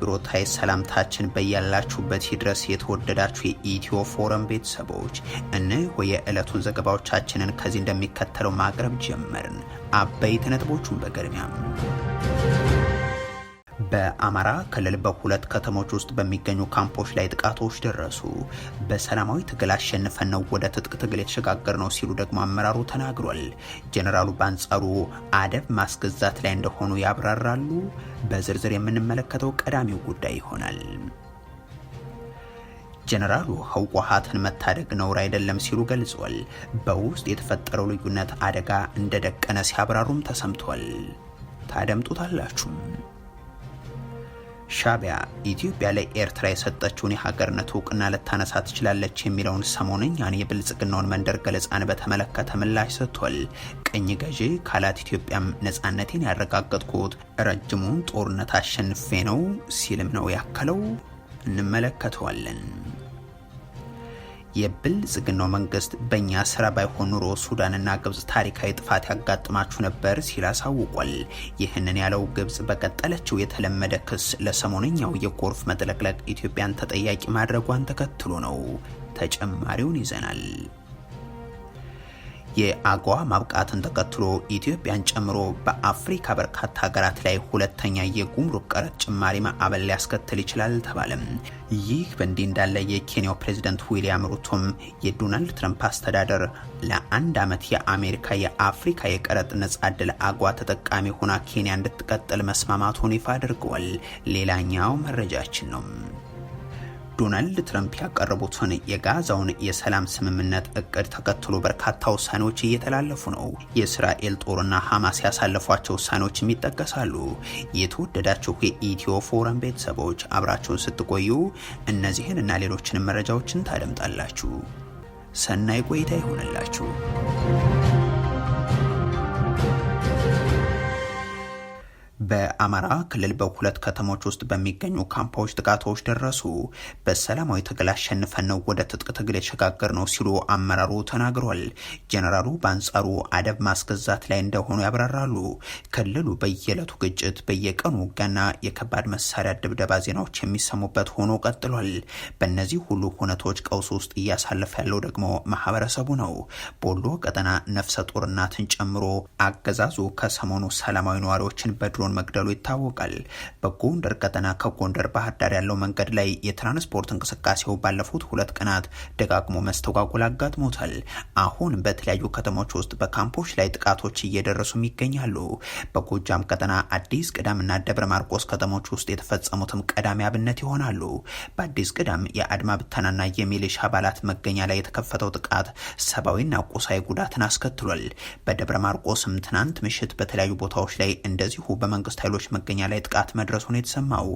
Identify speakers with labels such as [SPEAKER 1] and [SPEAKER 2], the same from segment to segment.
[SPEAKER 1] ብሮታይ ሰላምታችን በያላችሁበት ይድረስ። የተወደዳችሁ የኢትዮ ፎረም ቤተሰቦች እነሆ የዕለቱን ዘገባዎቻችንን ከዚህ እንደሚከተለው ማቅረብ ጀመርን። አበይት ነጥቦቹን በቅድሚያ በአማራ ክልል በሁለት ከተሞች ውስጥ በሚገኙ ካምፖች ላይ ጥቃቶች ደረሱ። በሰላማዊ ትግል አሸንፈን ነው ወደ ትጥቅ ትግል የተሸጋገር ነው ሲሉ ደግሞ አመራሩ ተናግሯል። ጄኔራሉ በአንጻሩ አደብ ማስገዛት ላይ እንደሆኑ ያብራራሉ። በዝርዝር የምንመለከተው ቀዳሚው ጉዳይ ይሆናል። ጀነራሉ ህወሓትን መታደግ ነውር አይደለም ሲሉ ገልጿል። በውስጥ የተፈጠረው ልዩነት አደጋ እንደደቀነ ሲያብራሩም ተሰምቷል። ታደምጡታላችሁም። ሻቢያ ኢትዮጵያ ለኤርትራ የሰጠችውን የሀገርነት እውቅና ልታነሳ ትችላለች የሚለውን ሰሞንኛን የብልጽግናውን መንደር ገለጻን በተመለከተ ምላሽ ሰጥቷል። ቅኝ ገዢ ካላት ኢትዮጵያም ነፃነቴን ያረጋገጥኩት ረጅሙን ጦርነት አሸንፌ ነው ሲልም ነው ያከለው። እንመለከተዋለን። የብልጽግናው መንግስት በእኛ ስራ ባይሆን ኑሮ ሱዳንና ግብጽ ታሪካዊ ጥፋት ያጋጥማችሁ ነበር ሲል አሳውቋል። ይህንን ያለው ግብጽ በቀጠለችው የተለመደ ክስ ለሰሞነኛው የጎርፍ መጥለቅለቅ ኢትዮጵያን ተጠያቂ ማድረጓን ተከትሎ ነው። ተጨማሪውን ይዘናል። የአጓ ማብቃትን ተከትሎ ኢትዮጵያን ጨምሮ በአፍሪካ በርካታ ሀገራት ላይ ሁለተኛ የጉምሩክ ቀረጥ ጭማሪ ማዕበል ሊያስከትል ይችላል ተባለም። ይህ በእንዲህ እንዳለ የኬንያው ፕሬዝደንት ዊልያም ሩቶም የዶናልድ ትረምፕ አስተዳደር ለአንድ ዓመት የአሜሪካ የአፍሪካ የቀረጥ ነጻ ዕድል ተጠቃሚ ሆና ኬንያ እንድትቀጥል መስማማቱን ይፋ አድርገዋል። ሌላኛው መረጃችን ነው። ዶናልድ ትራምፕ ያቀረቡትን የጋዛውን የሰላም ስምምነት እቅድ ተከትሎ በርካታ ውሳኔዎች እየተላለፉ ነው። የእስራኤል ጦርና ሐማስ ያሳለፏቸው ውሳኔዎችም ይጠቀሳሉ። የተወደዳችሁ የኢትዮ ፎረም ቤተሰቦች አብራችሁን ስትቆዩ እነዚህን እና ሌሎችንም መረጃዎችን ታደምጣላችሁ። ሰናይ ቆይታ ይሆንላችሁ። በአማራ ክልል በሁለት ከተሞች ውስጥ በሚገኙ ካምፖች ጥቃቶች ደረሱ። በሰላማዊ ትግል አሸንፈን ነው ወደ ትጥቅ ትግል የተሸጋገር ነው ሲሉ አመራሩ ተናግሯል። ጀኔራሉ በአንጻሩ አደብ ማስገዛት ላይ እንደሆኑ ያብራራሉ። ክልሉ በየዕለቱ ግጭት፣ በየቀኑ ውጊያና የከባድ መሳሪያ ድብደባ ዜናዎች የሚሰሙበት ሆኖ ቀጥሏል። በእነዚህ ሁሉ ሁነቶች ቀውስ ውስጥ እያሳለፈ ያለው ደግሞ ማህበረሰቡ ነው። ቦሎ ቀጠና ነፍሰ ጡር ጨምሮ አገዛዙ ከሰሞኑ ሰላማዊ ነዋሪዎችን በድሮን መግደሉ ይታወቃል። በጎንደር ቀጠና ከጎንደር ባህር ዳር ያለው መንገድ ላይ የትራንስፖርት እንቅስቃሴው ባለፉት ሁለት ቀናት ደጋግሞ መስተጓጎል አጋጥሞታል። አሁን በተለያዩ ከተሞች ውስጥ በካምፖች ላይ ጥቃቶች እየደረሱም ይገኛሉ። በጎጃም ቀጠና አዲስ ቅዳምና ደብረ ማርቆስ ከተሞች ውስጥ የተፈጸሙትም ቀዳሚ አብነት ይሆናሉ። በአዲስ ቅዳም የአድማ ብተናና የሚሊሻ አባላት መገኛ ላይ የተከፈተው ጥቃት ሰብአዊና ቁሳዊ ጉዳትን አስከትሏል። በደብረ ማርቆስም ትናንት ምሽት በተለያዩ ቦታዎች ላይ እንደዚሁ በመንግስት መንግስት ኃይሎች መገኛ ላይ ጥቃት መድረሱ የተሰማው።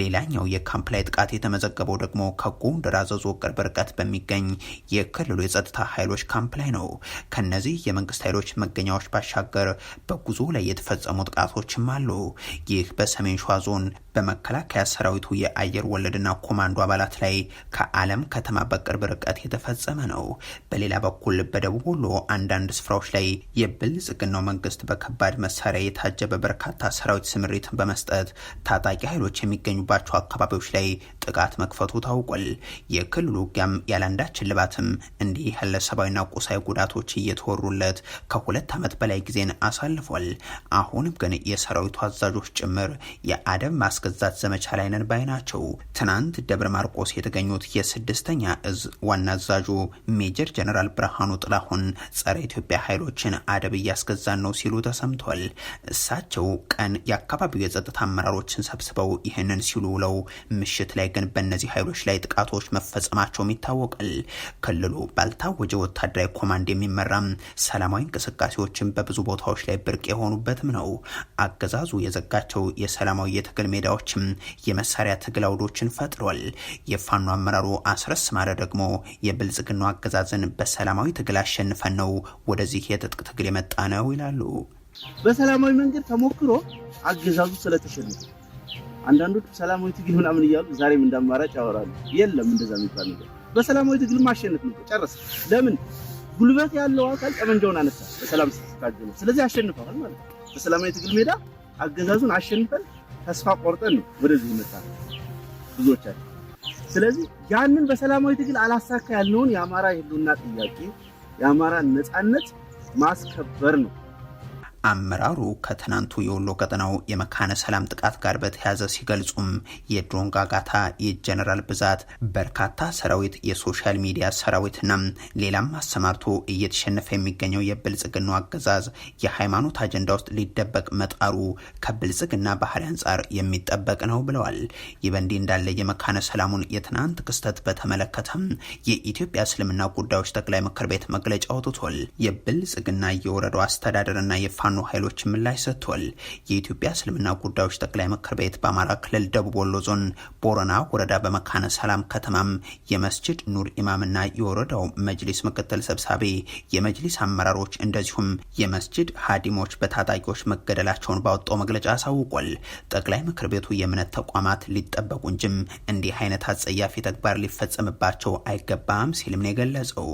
[SPEAKER 1] ሌላኛው የካምፕ ላይ ጥቃት የተመዘገበው ደግሞ ከጎንደር አዘዞ ቅርብ ርቀት በሚገኝ የክልሉ የጸጥታ ኃይሎች ካምፕ ላይ ነው። ከነዚህ የመንግስት ኃይሎች መገኛዎች ባሻገር በጉዞ ላይ የተፈጸሙ ጥቃቶችም አሉ። ይህ በሰሜን ሸዋ ዞን በመከላከያ ሰራዊቱ የአየር ወለድና ኮማንዶ አባላት ላይ ከአለም ከተማ በቅርብ ርቀት የተፈጸመ ነው። በሌላ በኩል በደቡብ ወሎ አንዳንድ ስፍራዎች ላይ የብልጽግናው መንግስት በከባድ መሳሪያ የታጀበ በርካታ ሰራዊት ስምሪት በመስጠት ታጣቂ ኃይሎች የሚገኙባቸው አካባቢዎች ላይ ጥቃት መክፈቱ ታውቋል። የክልሉ ውጊያም ያለአንዳች እልባትም እንዲህ ያለ ሰብአዊና ቁሳዊ ጉዳቶች እየተወሩለት ከሁለት ዓመት በላይ ጊዜን አሳልፏል። አሁንም ግን የሰራዊቱ አዛዦች ጭምር የአደብ ማስገዛት ዘመቻ ላይ ነን ባይ ናቸው። ትናንት ደብረ ማርቆስ የተገኙት የስድስተኛ እዝ ዋና አዛዡ ሜጀር ጀነራል ብርሃኑ ጥላሁን ጸረ ኢትዮጵያ ኃይሎችን አደብ እያስገዛን ነው ሲሉ ተሰምቷል። እሳቸው ቀን የአካባቢው የጸጥታ አመራሮችን ሰብስበው ይህንን ሲሉ ውለው ምሽት ላይ ግን በእነዚህ ኃይሎች ላይ ጥቃቶች መፈጸማቸውም ይታወቃል። ክልሉ ባልታወጀ ወታደራዊ ኮማንድ የሚመራም ሰላማዊ እንቅስቃሴዎችን በብዙ ቦታዎች ላይ ብርቅ የሆኑበትም ነው። አገዛዙ የዘጋቸው የሰላማዊ የትግል ሜዳዎችም የመሳሪያ ትግል አውዶችን ፈጥሯል። የፋኖ አመራሩ አስረስ ማረ ደግሞ የብልጽግናው አገዛዝን በሰላማዊ ትግል አሸንፈን ነው ወደዚህ የትጥቅ ትግል የመጣ ነው ይላሉ።
[SPEAKER 2] በሰላማዊ መንገድ ተሞክሮ አገዛዙ ስለተሸነፈ አንዳንዶች ሰላማዊ ትግል ምናምን እያሉ ዛሬም እንዳማራጭ ያወራሉ። የለም እንደዛ የሚባል ነገር። በሰላማዊ ትግል ማሸነፍ ነው፣ ጨረስ። ለምን ጉልበት ያለው አካል ጠመንጃውን አነሳ፣ በሰላም ስለታገለ። ስለዚህ አሸንፈዋል ማለት ነው። በሰላማዊ ትግል ሜዳ አገዛዙን አሸንፈን ተስፋ ቆርጠን ነው ወደዚህ መጣ ብዙዎች። ስለዚህ ያንን በሰላማዊ ትግል አላሳካ ያልነውን የአማራ የህልውና ጥያቄ የአማራ ነፃነት ማስከበር ነው
[SPEAKER 1] አመራሩ ከትናንቱ የወሎ ቀጠናው የመካነ ሰላም ጥቃት ጋር በተያያዘ ሲገልጹም የድሮን ጋጋታ፣ የጀነራል ብዛት፣ በርካታ ሰራዊት፣ የሶሻል ሚዲያ ሰራዊትና ሌላም አሰማርቶ እየተሸነፈ የሚገኘው የብልጽግናው አገዛዝ የሃይማኖት አጀንዳ ውስጥ ሊደበቅ መጣሩ ከብልጽግና ባህሪ አንጻር የሚጠበቅ ነው ብለዋል። ይህ በእንዲህ እንዳለ የመካነ ሰላሙን የትናንት ክስተት በተመለከተም የኢትዮጵያ እስልምና ጉዳዮች ጠቅላይ ምክር ቤት መግለጫ አውጥቷል። የብልጽግና የወረዳው አስተዳደርና የፋ ለፋኖ ኃይሎች ምላሽ ሰጥቷል። የኢትዮጵያ እስልምና ጉዳዮች ጠቅላይ ምክር ቤት በአማራ ክልል ደቡብ ወሎ ዞን ቦረና ወረዳ በመካነ ሰላም ከተማም የመስጅድ ኑር ኢማምና የወረዳው መጅሊስ ምክትል ሰብሳቢ የመጅሊስ አመራሮች እንደዚሁም የመስጅድ ሀዲሞች በታጣቂዎች መገደላቸውን ባወጣው መግለጫ አሳውቋል። ጠቅላይ ምክር ቤቱ የእምነት ተቋማት ሊጠበቁ እንጂም እንዲህ አይነት አጸያፊ ተግባር ሊፈጸምባቸው አይገባም ሲልም ነው የገለጸው።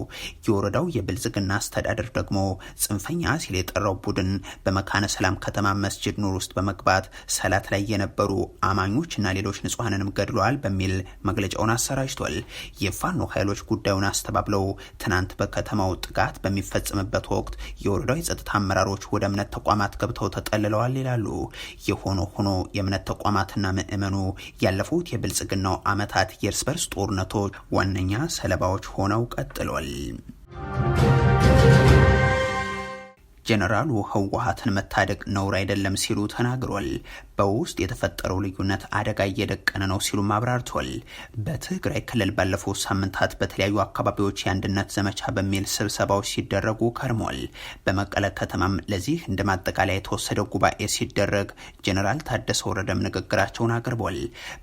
[SPEAKER 1] የወረዳው የብልጽግና አስተዳደር ደግሞ ጽንፈኛ ሲል የጠራው ቡድን በመካነ ሰላም ከተማ መስጅድ ኑር ውስጥ በመግባት ሰላት ላይ የነበሩ አማኞችና ሌሎች ንጹሐንንም ገድለዋል በሚል መግለጫውን አሰራጅቷል። የፋኖ ኃይሎች ጉዳዩን አስተባብለው ትናንት በከተማው ጥቃት በሚፈጸምበት ወቅት የወረዳው የጸጥታ አመራሮች ወደ እምነት ተቋማት ገብተው ተጠልለዋል ይላሉ። የሆነ ሆኖ የእምነት ተቋማትና ምእመኑ ያለፉት የብልጽግናው ዓመታት የእርስ በርስ ጦርነቶች ዋነኛ ሰለባዎች ሆነው ቀጥሏል። ጄኔራሉ ህወሀትን መታደግ ነውር አይደለም ሲሉ ተናግሯል። በውስጥ የተፈጠረው ልዩነት አደጋ እየደቀነ ነው ሲሉም አብራርቷል። በትግራይ ክልል ባለፈው ሳምንታት በተለያዩ አካባቢዎች የአንድነት ዘመቻ በሚል ስብሰባዎች ሲደረጉ ከርሟል። በመቀለ ከተማም ለዚህ እንደ ማጠቃለያ የተወሰደ ጉባኤ ሲደረግ ጀኔራል ታደሰ ወረደም ንግግራቸውን አቅርቧል።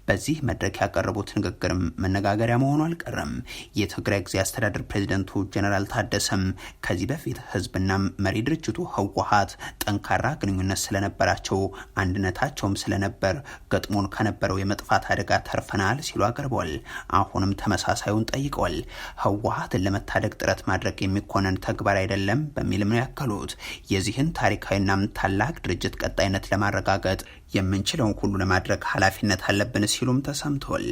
[SPEAKER 1] በዚህ መድረክ ያቀረቡት ንግግርም መነጋገሪያ መሆኑ አልቀረም። የትግራይ ጊዜ አስተዳደር ፕሬዚደንቱ ጀኔራል ታደሰም ከዚህ በፊት ህዝብና መሪ ድርጅቱ ህወሀት ጠንካራ ግንኙነት ስለነበራቸው አንድነታቸው ተሰምቷቸውም ስለነበር ገጥሞን ከነበረው የመጥፋት አደጋ ተርፈናል ሲሉ አቅርቧል። አሁንም ተመሳሳዩን ጠይቀዋል። ህወሀትን ለመታደግ ጥረት ማድረግ የሚኮነን ተግባር አይደለም በሚልም ነው ያከሉት። የዚህን ታሪካዊና ታላቅ ድርጅት ቀጣይነት ለማረጋገጥ የምንችለውን ሁሉ ለማድረግ ኃላፊነት አለብን ሲሉም ተሰምቷል።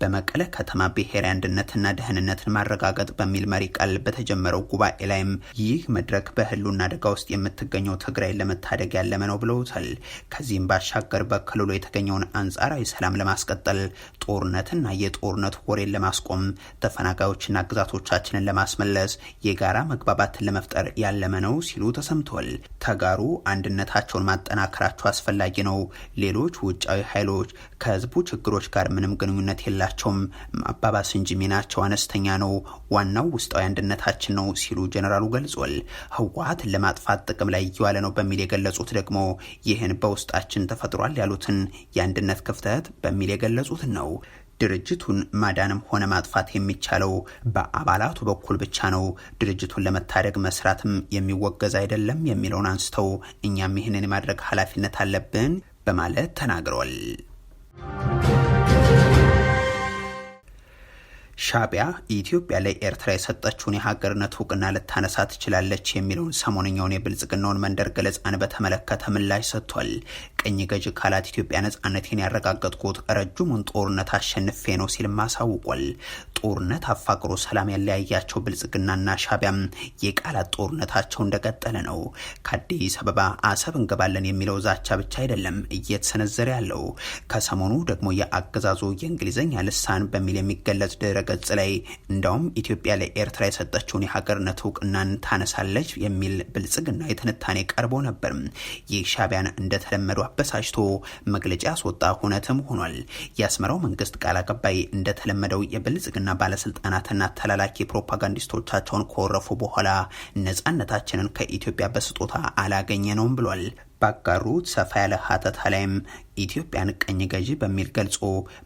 [SPEAKER 1] በመቀለ ከተማ ብሔራዊ አንድነትና ደህንነትን ማረጋገጥ በሚል መሪ ቃል በተጀመረው ጉባኤ ላይም ይህ መድረክ በህልውና አደጋ ውስጥ የምትገኘው ትግራይ ለመታደግ ያለመ ነው ብለውታል። ከዚህም ባሻገር ሀገር በክልሉ የተገኘውን አንጻራዊ ሰላም ለማስቀጠል ጦርነትና የጦርነት ወሬን ለማስቆም ተፈናቃዮችና ግዛቶቻችንን ለማስመለስ የጋራ መግባባትን ለመፍጠር ያለመ ነው ሲሉ ተሰምቷል። ተጋሩ አንድነታቸውን ማጠናከራቸው አስፈላጊ ነው። ሌሎች ውጫዊ ኃይሎች ከህዝቡ ችግሮች ጋር ምንም ግንኙነት የላቸውም። ማባባስ እንጂ ሚናቸው አነስተኛ ነው። ዋናው ውስጣዊ አንድነታችን ነው ሲሉ ጀኔራሉ ገልጿል። ህወሀትን ለማጥፋት ጥቅም ላይ እየዋለ ነው በሚል የገለጹት ደግሞ ይህን በውስጣችን ተፈጥሯል ተፈጥሯል ያሉትን የአንድነት ክፍተት በሚል የገለጹትን ነው። ድርጅቱን ማዳንም ሆነ ማጥፋት የሚቻለው በአባላቱ በኩል ብቻ ነው፣ ድርጅቱን ለመታደግ መስራትም የሚወገዝ አይደለም የሚለውን አንስተው እኛም ይህንን የማድረግ ኃላፊነት አለብን በማለት ተናግረዋል። ሻቢያ ኢትዮጵያ ላይ ኤርትራ የሰጠችውን የሀገርነት እውቅና ልታነሳ ትችላለች የሚለውን ሰሞንኛውን የብልጽግናውን መንደር ገለጻን በተመለከተ ምላሽ ሰጥቷል። ቅኝ ገዥ ካላት ኢትዮጵያ ነጻነቴን ያረጋገጥኩት ረጅሙን ጦርነት አሸንፌ ነው ሲልም አሳውቋል። ጦርነት አፋቅሮ ሰላም ያለያያቸው ብልጽግናና ሻቢያም የቃላት ጦርነታቸው እንደቀጠለ ነው። ከአዲስ አበባ አሰብ እንገባለን የሚለው ዛቻ ብቻ አይደለም እየተሰነዘረ ያለው። ከሰሞኑ ደግሞ የአገዛዙ የእንግሊዝኛ ልሳን በሚል የሚገለጽ ድረ ገጽ ላይ እንዳውም ኢትዮጵያ ለኤርትራ የሰጠችውን የሀገርነት እውቅናን ታነሳለች የሚል ብልጽግና የትንታኔ ቀርቦ ነበር። ይህ ሻቢያን እንደተለመዱ አበሳጭቶ መግለጫ ያስወጣ ሁነትም ሆኗል። የአስመራው መንግስት ቃል አቀባይ እንደተለመደው የብልጽግና ባለስልጣናትና ተላላኪ ፕሮፓጋንዲስቶቻቸውን ከወረፉ በኋላ ነጻነታችንን ከኢትዮጵያ በስጦታ አላገኘ ነውም ብሏል። ባጋሩት ሰፋ ያለ ሀተታ ላይም ኢትዮጵያን ቀኝ ገዢ በሚል ገልጾ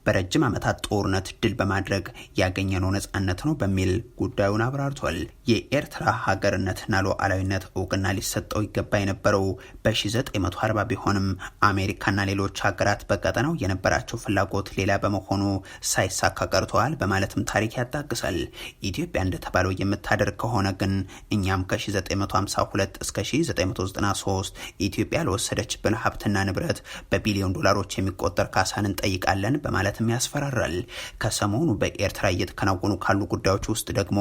[SPEAKER 1] በረጅም ዓመታት ጦርነት ድል በማድረግ ያገኘነው ነጻነት ነው በሚል ጉዳዩን አብራርቷል። የኤርትራ ሀገርነትና ሉዓላዊነት እውቅና ሊሰጠው ይገባ የነበረው በ1940 ቢሆንም አሜሪካና ሌሎች ሀገራት በቀጠናው የነበራቸው ፍላጎት ሌላ በመሆኑ ሳይሳካ ቀርተዋል በማለትም ታሪክ ያጣቅሳል። ኢትዮጵያ እንደተባለው የምታደርግ ከሆነ ግን እኛም ከ1952 እስከ 1993 ኢትዮጵያ ያልወሰደች ብን ሀብትና ንብረት በቢሊዮን ዶላሮች የሚቆጠር ካሳን እንጠይቃለን በማለትም ያስፈራራል። ከሰሞኑ በኤርትራ እየተከናወኑ ካሉ ጉዳዮች ውስጥ ደግሞ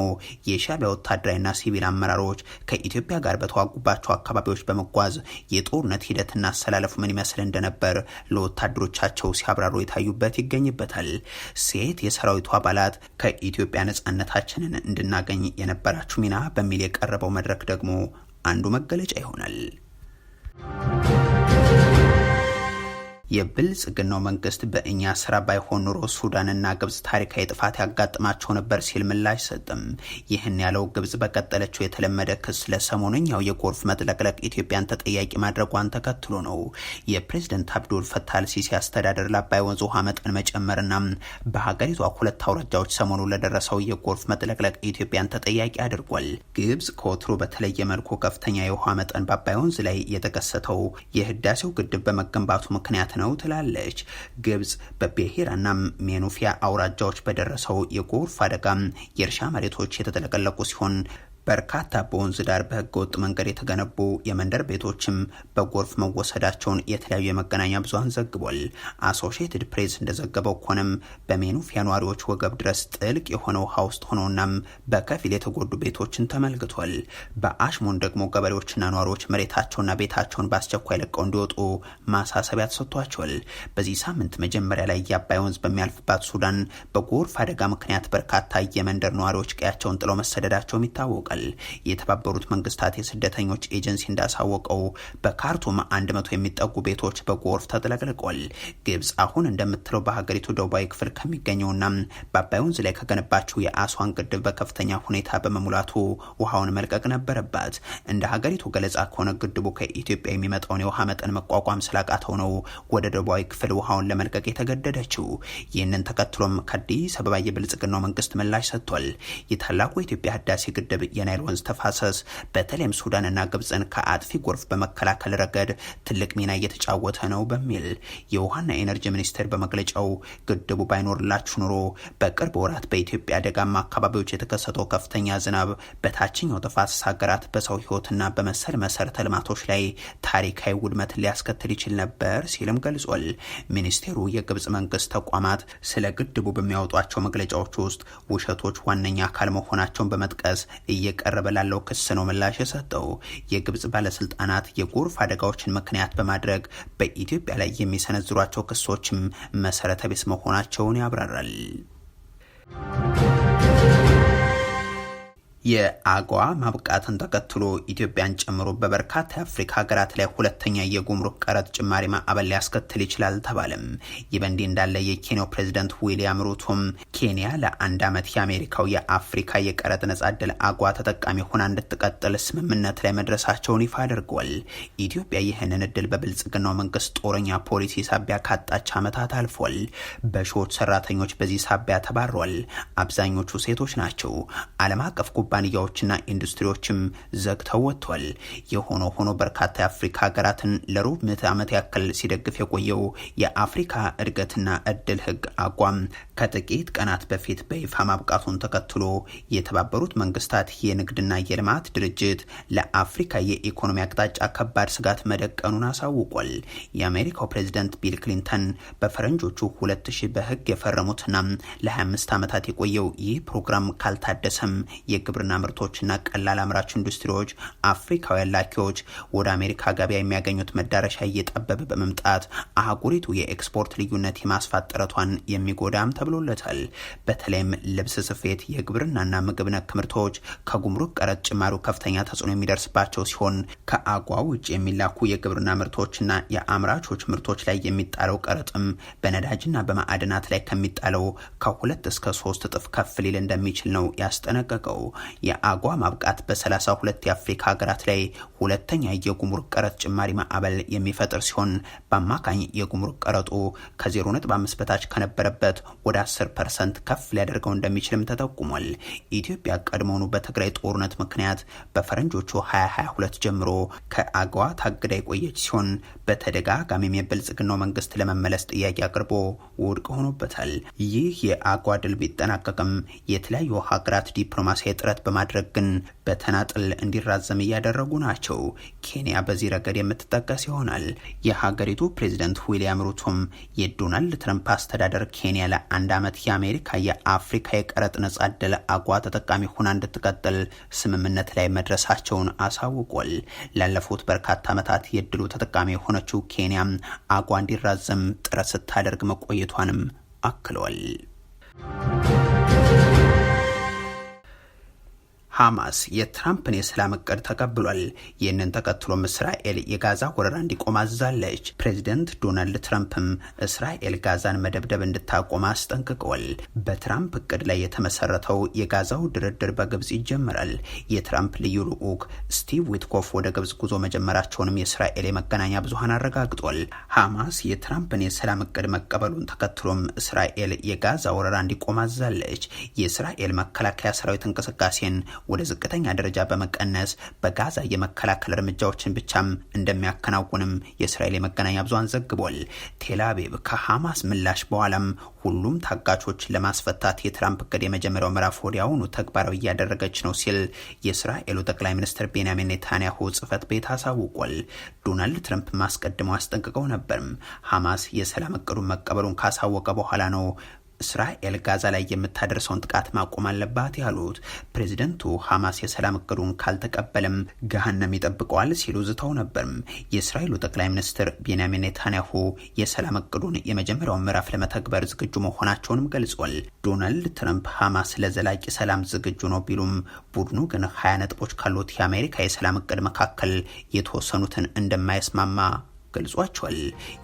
[SPEAKER 1] የሻቢያ ወታደራዊና ሲቪል አመራሮች ከኢትዮጵያ ጋር በተዋጉባቸው አካባቢዎች በመጓዝ የጦርነት ሂደትና አሰላለፉ ምን ይመስል እንደነበር ለወታደሮቻቸው ሲያብራሩ የታዩበት ይገኝበታል። ሴት የሰራዊቱ አባላት ከኢትዮጵያ ነጻነታችንን እንድናገኝ የነበራችሁ ሚና በሚል የቀረበው መድረክ ደግሞ አንዱ መገለጫ ይሆናል። Thank you. የብልጽግናው መንግስት በእኛ ስራ ባይሆን ኑሮ ሱዳንና ግብጽ ታሪካዊ ጥፋት ያጋጥማቸው ነበር ሲል ምላሽ ሰጥም። ይህን ያለው ግብጽ በቀጠለችው የተለመደ ክስ ለሰሞነኛው የጎርፍ መጥለቅለቅ ኢትዮጵያን ተጠያቂ ማድረጓን ተከትሎ ነው። የፕሬዝደንት አብዱል ፈታል ሲሲ አስተዳደር ለአባይ ወንዝ ውሃ መጠን መጨመርና በሀገሪቷ ሁለት አውራጃዎች ሰሞኑ ለደረሰው የጎርፍ መጥለቅለቅ ኢትዮጵያን ተጠያቂ አድርጓል። ግብጽ ከወትሮ በተለየ መልኩ ከፍተኛ የውሃ መጠን በአባይ ወንዝ ላይ የተከሰተው የህዳሴው ግድብ በመገንባቱ ምክንያት ነው ትላለች ግብጽ። በቤሄራና ሜኑፊያ አውራጃዎች በደረሰው የጎርፍ አደጋ የእርሻ መሬቶች የተጠለቀለቁ ሲሆን በርካታ በወንዝ ዳር በህገወጥ መንገድ የተገነቡ የመንደር ቤቶችም በጎርፍ መወሰዳቸውን የተለያዩ የመገናኛ ብዙሀን ዘግቧል። አሶሺየትድ ፕሬስ እንደዘገበው ከሆነም በሜኑፍ ያኗሪዎች ወገብ ድረስ ጥልቅ የሆነ ውሃ ውስጥ ሆኖናም በከፊል የተጎዱ ቤቶችን ተመልክቷል። በአሽሞን ደግሞ ገበሬዎችና ኗሪዎች መሬታቸውና ቤታቸውን በአስቸኳይ ለቀው እንዲወጡ ማሳሰቢያ ተሰጥቷቸዋል። በዚህ ሳምንት መጀመሪያ ላይ የአባይ ወንዝ በሚያልፍባት ሱዳን በጎርፍ አደጋ ምክንያት በርካታ የመንደር ነዋሪዎች ቀያቸውን ጥለው መሰደዳቸውም ይታወቃል። ታውቋል። የተባበሩት መንግስታት የስደተኞች ኤጀንሲ እንዳሳወቀው በካርቱም አንድ መቶ የሚጠጉ ቤቶች በጎርፍ ተጥለቅልቋል። ግብጽ አሁን እንደምትለው በሀገሪቱ ደቡባዊ ክፍል ከሚገኘውና በአባይ ወንዝ ላይ ከገነባችው የአስዋን ግድብ በከፍተኛ ሁኔታ በመሙላቱ ውሃውን መልቀቅ ነበረባት። እንደ ሀገሪቱ ገለጻ ከሆነ ግድቡ ከኢትዮጵያ የሚመጣውን የውሃ መጠን መቋቋም ስላቃተው ነው ወደ ደቡባዊ ክፍል ውሃውን ለመልቀቅ የተገደደችው። ይህንን ተከትሎም ከአዲስ አበባ የብልጽግናው መንግስት ምላሽ ሰጥቷል። የታላቁ የኢትዮጵያ ህዳሴ ግድብ የናይል ወንዝ ተፋሰስ በተለይም ሱዳንና ግብፅን ከአጥፊ ጎርፍ በመከላከል ረገድ ትልቅ ሚና እየተጫወተ ነው በሚል የውሃና ኤነርጂ ሚኒስቴር በመግለጫው ግድቡ ባይኖርላችሁ ኑሮ በቅርብ ወራት በኢትዮጵያ ደጋማ አካባቢዎች የተከሰተው ከፍተኛ ዝናብ በታችኛው ተፋሰስ ሀገራት በሰው ህይወትና በመሰል መሰረተ ልማቶች ላይ ታሪካዊ ውድመት ሊያስከትል ይችል ነበር ሲልም ገልጿል። ሚኒስቴሩ የግብፅ መንግስት ተቋማት ስለ ግድቡ በሚያወጧቸው መግለጫዎች ውስጥ ውሸቶች ዋነኛ አካል መሆናቸውን በመጥቀስ እየ እየቀረበ ላለው ክስ ነው ምላሽ የሰጠው። የግብጽ ባለስልጣናት የጎርፍ አደጋዎችን ምክንያት በማድረግ በኢትዮጵያ ላይ የሚሰነዝሯቸው ክሶችም መሰረተ ቢስ መሆናቸውን ያብራራል። የአጓ ማብቃትን ተከትሎ ኢትዮጵያን ጨምሮ በበርካታ የአፍሪካ ሀገራት ላይ ሁለተኛ የጉምሩክ ቀረጥ ጭማሪ ማዕበል ሊያስከትል ይችላል ተባለም። ይህ በእንዲህ እንዳለ የኬንያው ፕሬዚደንት ዊሊያም ሩቱም ኬንያ ለአንድ ዓመት የአሜሪካው የአፍሪካ የቀረጥ ነጻ እድል አጓ ተጠቃሚ ሆና እንድትቀጥል ስምምነት ላይ መድረሳቸውን ይፋ አድርገዋል። ኢትዮጵያ ይህንን እድል በብልጽግናው መንግስት ጦረኛ ፖሊሲ ሳቢያ ካጣች ዓመታት አልፏል። በሺዎች ሰራተኞች በዚህ ሳቢያ ተባሯል። አብዛኞቹ ሴቶች ናቸው። ዓለም አቀፍ ኩባንያዎችና ኢንዱስትሪዎችም ዘግተው ወጥቷል። የሆነ ሆኖ በርካታ የአፍሪካ ሀገራትን ለሩብ ምዕተ ዓመት ያክል ሲደግፍ የቆየው የአፍሪካ እድገትና እድል ህግ አቋም ከጥቂት ቀናት በፊት በይፋ ማብቃቱን ተከትሎ የተባበሩት መንግስታት የንግድና የልማት ድርጅት ለአፍሪካ የኢኮኖሚ አቅጣጫ ከባድ ስጋት መደቀኑን አሳውቋል። የአሜሪካው ፕሬዚደንት ቢል ክሊንተን በፈረንጆቹ 2000 በህግ የፈረሙትና ለ25 ዓመታት የቆየው ይህ ፕሮግራም ካልታደሰም የግብርና ምርቶችና ቀላል አምራች ኢንዱስትሪዎች አፍሪካውያን ላኪዎች ወደ አሜሪካ ገበያ የሚያገኙት መዳረሻ እየጠበበ በመምጣት አህጉሪቱ የኤክስፖርት ልዩነት የማስፋት ጥረቷን የሚጎዳም ተብሎ ተብሎለታል። በተለይም ልብስ ስፌት፣ የግብርናና ምግብ ነክ ምርቶች ከጉምሩክ ቀረጥ ጭማሪው ከፍተኛ ተጽዕኖ የሚደርስባቸው ሲሆን ከአጓ ውጭ የሚላኩ የግብርና ምርቶችና የአምራቾች ምርቶች ላይ የሚጣለው ቀረጥም በነዳጅና በማዕድናት ላይ ከሚጣለው ከሁለት እስከ ሶስት እጥፍ ከፍ ሊል እንደሚችል ነው ያስጠነቀቀው። የአጓ ማብቃት በሰላሳ ሁለት የአፍሪካ ሀገራት ላይ ሁለተኛ የጉምሩክ ቀረጥ ጭማሪ ማዕበል የሚፈጥር ሲሆን በአማካኝ የጉምሩክ ቀረጡ ከ0.5 በታች ከነበረበት ወደ 10 ፐርሰንት ከፍ ሊያደርገው እንደሚችልም ተጠቁሟል። ኢትዮጵያ ቀድሞውኑ በትግራይ ጦርነት ምክንያት በፈረንጆቹ 2022 ጀምሮ ከአገዋ ታግዳ የቆየች ሲሆን በተደጋጋሚም የብልጽግናው መንግስት ለመመለስ ጥያቄ አቅርቦ ውድቅ ሆኖበታል። ይህ የአገዋ ድል ቢጠናቀቅም የተለያዩ ሀገራት ዲፕሎማሲያዊ ጥረት በማድረግ ግን በተናጥል እንዲራዘም እያደረጉ ናቸው። ኬንያ በዚህ ረገድ የምትጠቀስ ይሆናል። የሀገሪቱ ፕሬዚደንት ዊልያም ሩቶም የዶናልድ ትረምፕ አስተዳደር ኬንያ ለአ አንድ ዓመት የአሜሪካ የአፍሪካ የቀረጥ ነጻ ዕድል አጓ ተጠቃሚ ሆና እንድትቀጥል ስምምነት ላይ መድረሳቸውን አሳውቋል። ላለፉት በርካታ ዓመታት የድሉ ተጠቃሚ የሆነችው ኬንያም አጓ እንዲራዘም ጥረት ስታደርግ መቆየቷንም አክሏል። ሐማስ የትራምፕን የሰላም እቅድ ተቀብሏል። ይህንን ተከትሎም እስራኤል የጋዛ ወረራ እንዲቆም አዛለች። ፕሬዚደንት ዶናልድ ትራምፕም እስራኤል ጋዛን መደብደብ እንድታቆም አስጠንቅቀዋል። በትራምፕ እቅድ ላይ የተመሰረተው የጋዛው ድርድር በግብጽ ይጀምራል። የትራምፕ ልዩ ልዑክ ስቲቭ ዊትኮፍ ወደ ግብጽ ጉዞ መጀመራቸውንም የእስራኤል የመገናኛ ብዙሀን አረጋግጧል። ሐማስ የትራምፕን የሰላም እቅድ መቀበሉን ተከትሎም እስራኤል የጋዛ ወረራ እንዲቆም አዛለች። የእስራኤል መከላከያ ሰራዊት እንቅስቃሴን ወደ ዝቅተኛ ደረጃ በመቀነስ በጋዛ የመከላከል እርምጃዎችን ብቻም እንደሚያከናውንም የእስራኤል የመገናኛ ብዙሃን ዘግቧል። ቴልአቪቭ ከሐማስ ምላሽ በኋላም ሁሉም ታጋቾች ለማስፈታት የትራምፕ እቅድ የመጀመሪያው ምዕራፍ ወዲያውኑ ተግባራዊ እያደረገች ነው ሲል የእስራኤሉ ጠቅላይ ሚኒስትር ቤንያሚን ኔታንያሁ ጽህፈት ቤት አሳውቋል። ዶናልድ ትራምፕ ማስቀድመው አስጠንቅቀው ነበርም ሐማስ የሰላም እቅዱን መቀበሉን ካሳወቀ በኋላ ነው እስራኤል ጋዛ ላይ የምታደርሰውን ጥቃት ማቆም አለባት ያሉት ፕሬዚደንቱ ሐማስ የሰላም እቅዱን ካልተቀበለም ገሃነም ይጠብቀዋል ሲሉ ዝተው ነበርም። የእስራኤሉ ጠቅላይ ሚኒስትር ቤንያሚን ኔታንያሁ የሰላም እቅዱን የመጀመሪያውን ምዕራፍ ለመተግበር ዝግጁ መሆናቸውንም ገልጿል። ዶናልድ ትራምፕ ሐማስ ለዘላቂ ሰላም ዝግጁ ነው ቢሉም ቡድኑ ግን ሀያ ነጥቦች ካሉት የአሜሪካ የሰላም እቅድ መካከል የተወሰኑትን እንደማይስማማ ገልጿቸዋል።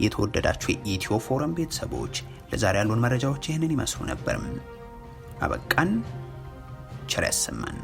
[SPEAKER 1] የተወደዳቸው የኢትዮ ፎረም ቤተሰቦች ለዛሬ ያሉን መረጃዎች ይህንን ይመስሉ ነበር። አበቃን። ቸር ያሰማን።